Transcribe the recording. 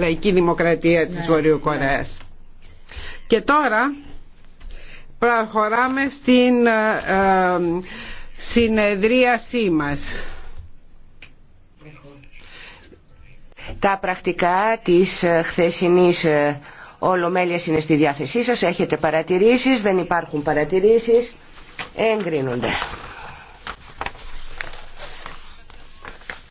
λαϊκή δημοκρατία της ναι, Βορείου ναι. Και τώρα προχωράμε στην ε, ε, συνεδρίασή μας. Τα πρακτικά της ε, χθεσινής ολομέλειας είναι στη διάθεσή σας. Έχετε παρατηρήσεις, δεν υπάρχουν παρατηρήσεις. Εγκρίνονται.